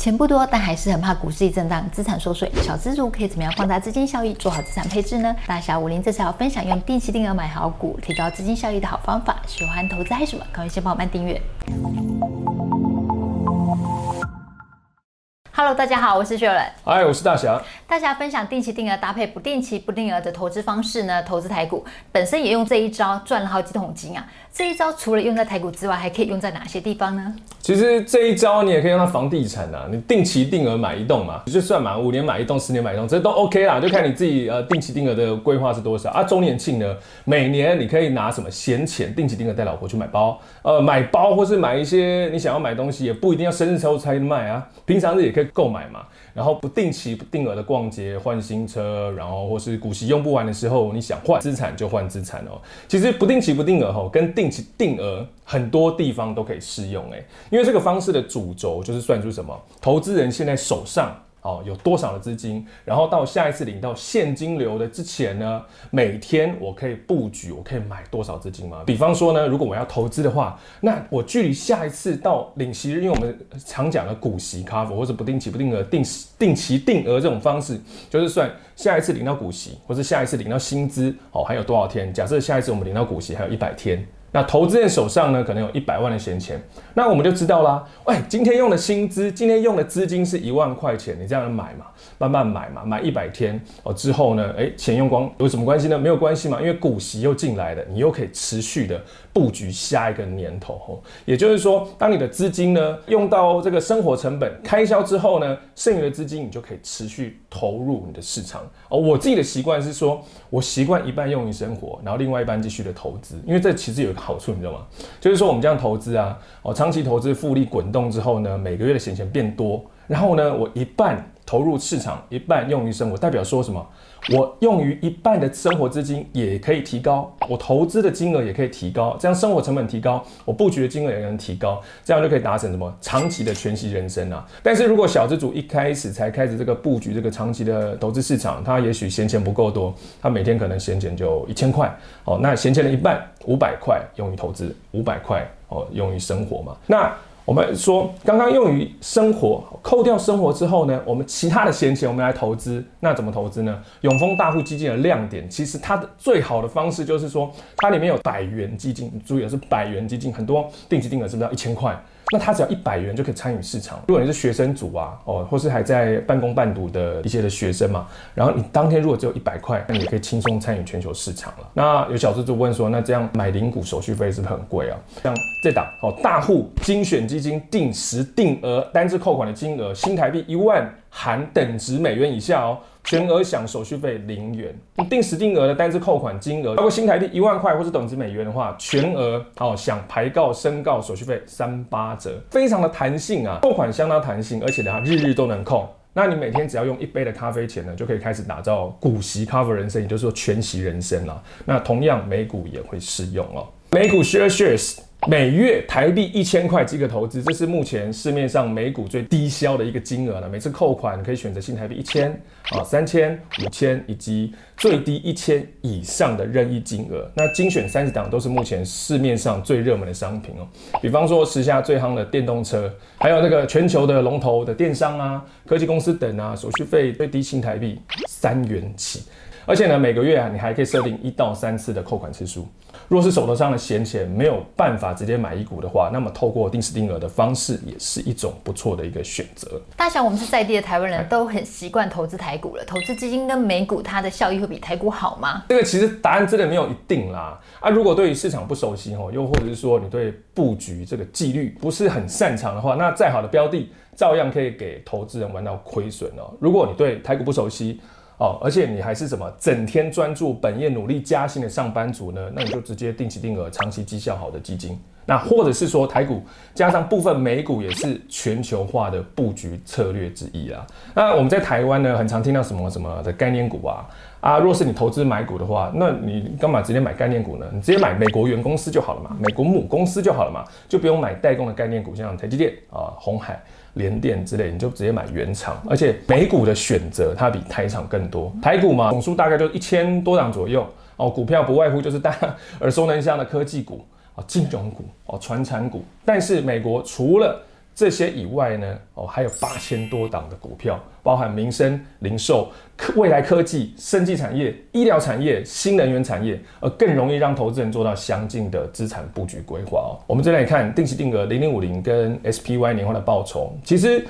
錢不多，但還是很怕股市一震盪，資產縮水。小資族可以怎麼樣放大資金效益，做好資產配置呢？大俠武林這次要分享用定期定額買好股，提高資金效益的好方法。喜歡投資嗨什麼，可以先幫我們訂閱。Hello，大家好，我是雪倫。嗨，我是大俠。大俠分享定期定額搭配不定期不定額的投資方式呢？投資台股本身也用這一招賺了好幾桶金啊！這一招除了用在台股之外，還可以用在哪些地方呢？其實這一招你也可以用到房地產啊，你定期定額買一棟嘛，你就算嘛，五年買一棟，十年買一棟，這都 OK 啦，就看你自己呃定期定額的規劃是多少啊。周年慶呢，每年你可以拿什麼閒錢定期定額帶老婆去買包，呃，買包或是買一些你想要買東西，也不一定要生日才會才賣啊，平常日也可以。購買嘛，然後不定期不定額的逛街換新車，然後或是股息用不完的時候，你想換資產就換資產喔。其實不定期不定額吼，跟定期定額很多地方都可以適用欸，因為這個方式的主軸就是算出什麼，投資人現在手上，哦，有多少的資金？然後到下一次領到現金流的之前呢，每天我可以布局，我可以買多少資金嗎？比方說呢，如果我要投資的話，那我距離下一次到領息日，因為我們常講的股息 cover 或者不定期不定額定定期定額這種方式，就是算下一次領到股息，或是下一次領到薪資哦，還有多少天？假設下一次我們領到股息還有一百天。那投資人手上呢，可能有一百萬的閒錢，那我們就知道啦。哎、欸，今天用的薪資，今天用的資金是一萬塊錢，你這樣買嘛，慢慢買嘛，買一百天哦、喔，之後呢，哎、欸，錢用光有什麼關係呢？沒有關係嘛，因為股息又進來了，你又可以持續的布局下一個年頭。吼、喔，也就是說，當你的資金呢用到這個生活成本開銷之後呢，剩餘的資金你就可以持續投入你的市場。哦、喔，我自己的習慣是說，我習慣一半用於生活，然後另外一半繼續的投資，因為這其實有一。好處你知道嗎？就是說我們這樣投資啊，哦，長期投資複利滾動之後呢，每個月的閒錢變多，然後呢，我一半。投入市場，一半用於生活，代表說什麼？我用於一半的生活資金也可以提高，我投資的金額也可以提高，這樣生活成本提高，我布局的金額也能提高，這樣就可以達成什麼長期的全息人生啊！但是如果小資族一開始才開始這個布局這個長期的投資市場，他也許閒錢不夠多，他每天可能閒錢就一千塊，哦，那閒錢的一半五百塊用於投資，五百塊哦用於生活嘛，那。我們說，剛剛用於生活，扣掉生活之後呢，我們其他的閒錢，我們來投資。那怎麼投資呢？永豐大戶基金的亮點，其實它的最好的方式就是說，它裡面有百元基金，注意是百元基金，很多定期定額是不是要一千塊？那他只要一百元就可以參與市場。如果你是學生族啊，哦，或是還在半工半讀的一些的學生嘛，然後你當天如果只有一百塊，那你也可以輕鬆參與全球市場了。那有小資就問說，那這樣買零股手續費是不是很貴啊？像這檔哦，大戶精選基金定時定額單次扣款的金額，新台幣一萬含等值美元以下哦。全額享手續費零元，定時定額的單次扣款金額超過新台幣一萬塊或是等值美元的話，全額哦、喔、享牌告申購手續費三八折，非常的彈性啊，扣款相當彈性，而且它日日都能扣。那你每天只要用一杯的咖啡錢呢，就可以開始打造股息 Cover 人生，也就是說全息人生啦。那同樣美股也會適用哦、喔。美股 share shares，每月台幣一千塊即可投資，這是目前市面上美股最低銷的一個金額了。每次扣款可以選擇新台幣一千、啊三千、五千，以及最低一千以上的任意金額。那精選三十檔都是目前市面上最熱門的商品哦，比方說時下最夯的電動車，還有那個全球的龍頭的電商啊、科技公司等啊，手續費最低新台幣三元起。而且呢，每個月啊，你還可以設定一到三次的扣款次數。若是手頭上的閒錢沒有辦法直接買一股的話，那麼透過定時定額的方式也是一種不錯的一個選擇。大俠我們是在地的台灣人都很習慣投資台股了。投資基金跟美股，它的效益會比台股好嗎？這個其實答案真的沒有一定啦。啊，如果對於市場不熟悉哦，又或者是說你對布局這個紀律不是很擅長的話，那再好的標的照樣可以給投資人玩到虧損哦。如果你對台股不熟悉，哦，而且你還是什麼整天專注本業、努力加薪的上班族呢？那你就直接定期定額、長期績效好的基金。那或者是說台股加上部分美股也是全球化的布局策略之一啦、啊。那我們在台灣呢，很常聽到什麼什麼的概念股啊啊，若是你投資買股的話，那你幹嘛直接買概念股呢？你直接買美國原公司就好了嘛，美國母公司就好了嘛，就不用買代工的概念股，像台積電啊、呃、鴻海、聯電之類，你就直接買原廠。而且美股的選擇它比台廠更多，台股嘛，總數大概就一千多檔左右哦，股票不外乎就是大耳熟能詳的科技股。金融股哦，傳產股，但是美國除了這些以外呢，哦，還有八千多檔的股票，包含民生、零售、科、未來科技、生技產業、醫療產業、新能源產業，而更容易讓投資人做到詳盡的資產布局規劃哦。我們再來看定期定額零零五零跟 SPY 年化的報酬，其實。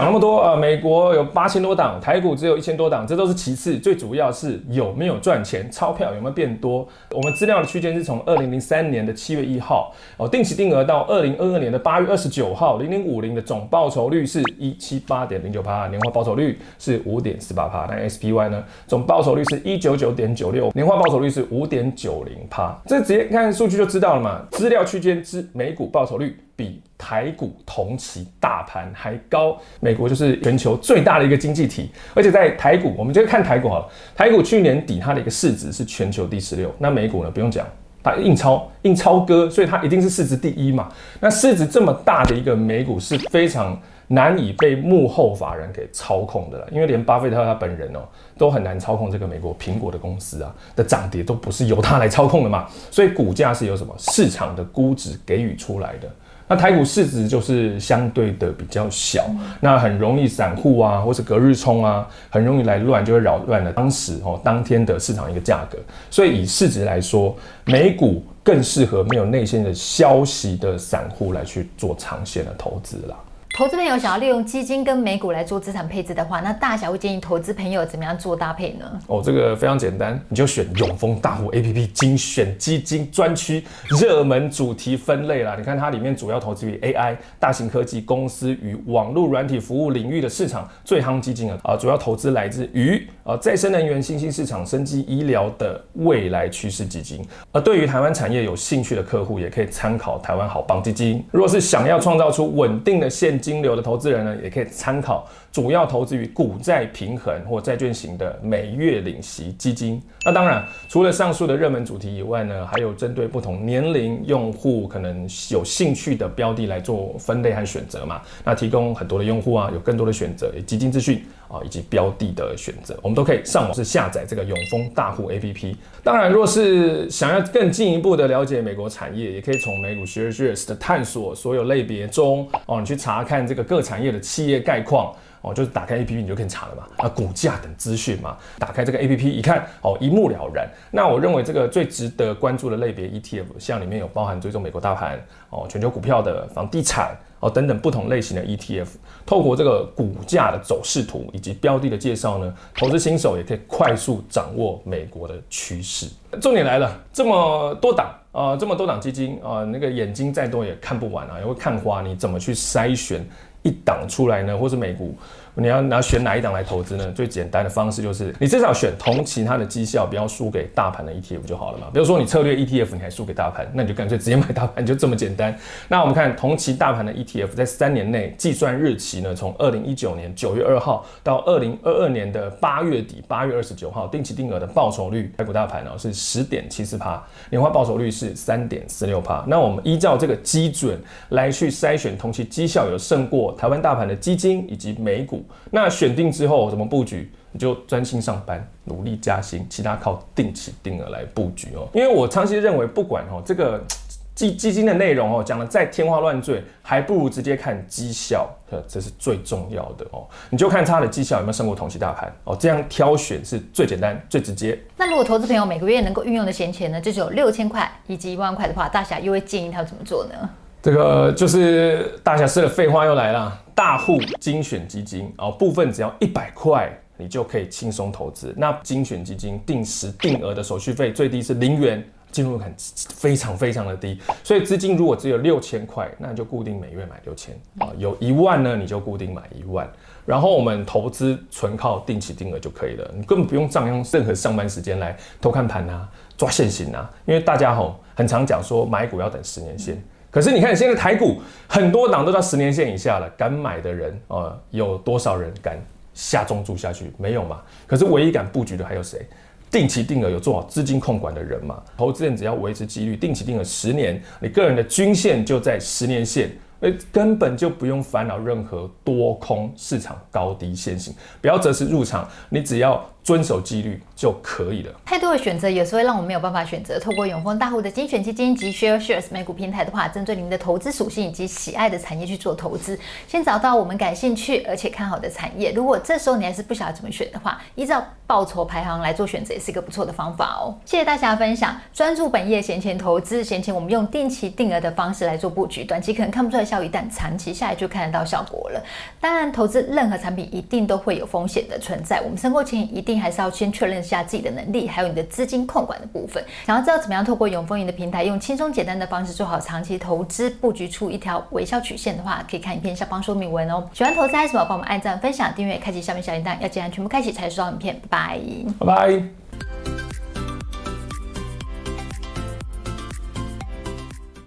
講那麼多啊、呃，美國有八千多檔，台股只有一千多檔，這都是其次，最主要是有沒有賺錢，鈔票有沒有變多。我們資料的區間是從二零零三年的七月一號哦、呃，定期定額到二零二二年的八月二十九號，零零五零的總報酬率是一七八點零九趴，年化報酬率是五點四八帕。那 SPY 呢，總報酬率是一九九點九六，年化報酬率是五點九零帕。這直接看數據就知道了嘛。資料區間是美股報酬率比台股同期大盤還高。美國就是全球最大的一個經濟體，而且在台股，我們就看台股好了。台股去年底它的一個市值是全球第十六，那美股呢不用講，它印鈔，印鈔哥，所以它一定是市值第一嘛。那市值這麼大的一個美股是非常難以被幕後法人給操控的了，因為連巴菲特他,他本人哦都很難操控這個美國蘋果的公司啊的漲跌都不是由他來操控的嘛。所以股價是由什麼市場的估值給予出來的。那台股市值就是相對的比較小，嗯、那很容易散戶啊，或者隔日沖啊，很容易來亂，就會擾亂了當時哦當天的市場一個價格。所以以市值來說，美股更適合沒有內線的消息的散戶來去做長線的投資啦。投資朋友想要利用基金跟美股來做資產配置的話，那大俠會建議投資朋友怎麼樣做搭配呢？哦，這個非常簡單，你就選永豐大戶 A P P 精選基金專區熱門主題分類啦。你看它裡面主要投資於 A I 大型科技公司與網絡軟體服務領域的市場最夯基金啊，啊、呃，主要投資來自於啊再生能源、新興市場、生機醫療的未來趨勢基金。而對於台灣產業有興趣的客戶，也可以參考台灣好棒基金。如果是想要創造出穩定的現金，金流的投資人呢，也可以參考主要投資於股債平衡或債券型的每月領息基金。那當然，除了上述的熱門主題以外呢，還有針對不同年齡用戶可能有興趣的標的來做分類和選擇嘛。那提供很多的用戶啊，有更多的選擇，也基金資訊。啊，以及標的的選擇，我們都可以上網是下載這個永豐大戶 APP。當然，若是想要更進一步的了解美國產業，也可以從美股 Shares 的探索所有類別中，哦，你去查看這個各產業的企業概況。哦，就是打開 A P P 你就可以查了嘛，啊股價等資訊嘛，打開這個 A P P 一看，哦一目了然。那我認為這個最值得關注的類別 E T F，像裡面有包含追蹤美國大盤、哦全球股票的、房地產、哦等等不同類型的 E T F，透過這個股價的走勢圖以及標的的介紹呢，投資新手也可以快速掌握美國的趨勢、呃。重點來了，這麼多檔啊、呃，這麼多檔基金啊、呃，那個眼睛再多也看不完啊，也會看花，你怎麼去篩選？一檔出來呢，或是美股，你要拿選哪一檔來投資呢？最簡單的方式就是，你至少選同期它的績效不要輸給大盤的 ETF 就好了嘛。比如說你策略 ETF 你還輸給大盤，那你就乾脆直接買大盤，就這麼簡單。那我們看同期大盤的 ETF 在三年內計算日期呢，從二零一九年九月二號到二零二二年的八月底八月二十九號定期定額的報酬率，美股大盤呢是十點七四帕，年化報酬率是三點四六帕。那我們依照這個基準來去篩選同期績效有勝過。台灣大盤的基金以及美股，那選定之後怎麼布局？你就專心上班，努力加薪，其他靠定期定額來布局哦。因為我長期認為，不管哦這個基基金的內容哦講的再天花亂墜，還不如直接看績效，這是最重要的哦。你就看它的績效有沒有勝過同期大盤哦，這樣挑選是最簡單、最直接。那如果投資朋友每個月能夠運用的閒錢呢，就是有六千塊以及一萬塊的話，大俠又會建議他怎麼做呢？這個就是大俠式的廢話又來了。大戶精選基金哦，部分只要一百塊，你就可以輕鬆投資。那精選基金定時定額的手續費最低是零元，進入很非常非常的低。所以資金如果只有六千塊，那就固定每月買六千啊。有一萬呢，你就固定買一萬。然後我們投資純靠定期定額就可以了，你根本不用佔用任何上班時間來偷看盤啊、抓線型啊。因為大家吼、哦，很常講說買股要等十年線。嗯可是你看，現在台股很多檔都到十年線以下了，敢買的人啊、呃，有多少人敢下重注下去？沒有嘛。可是唯一敢布局的還有誰？定期定額有做好資金控管的人嘛。投資人只要維持紀律，定期定額十年，你個人的均線就在十年線，哎，根本就不用煩惱任何多空市場高低先行，不要擇時入場，你只要。遵守紀律就可以了。太多的選擇有時候讓我們沒有辦法選擇。透過永豐大戶的精選基金及 Share Shares 美股平台的話，針對您的投資屬性以及喜愛的產業去做投資。先找到我們感興趣而且看好的產業。如果這時候你還是不曉得怎麼選的話，依照報酬排行來做選擇也是一個不錯的方法哦。謝謝大家的分享。專注本業，閒錢投資，閒錢我們用定期定額的方式來做布局。短期可能看不出來效益，但長期下來就看得到效果了。當然，投資任何產品一定都會有風險的存在。我們申購前一定。還是要先確認一下自己的能力，還有你的資金控管的部分。想要知道怎麼樣透過永豐銀的平台，用輕鬆簡單的方式做好長期投資布局，出一條微笑曲線的話，可以看影片下方說明文哦。喜歡投資嗨什麼，記得幫我們按贊、分享、訂閱，開啟下面小鈴鐺，要記得全部開啟才收到影片。拜拜，拜拜。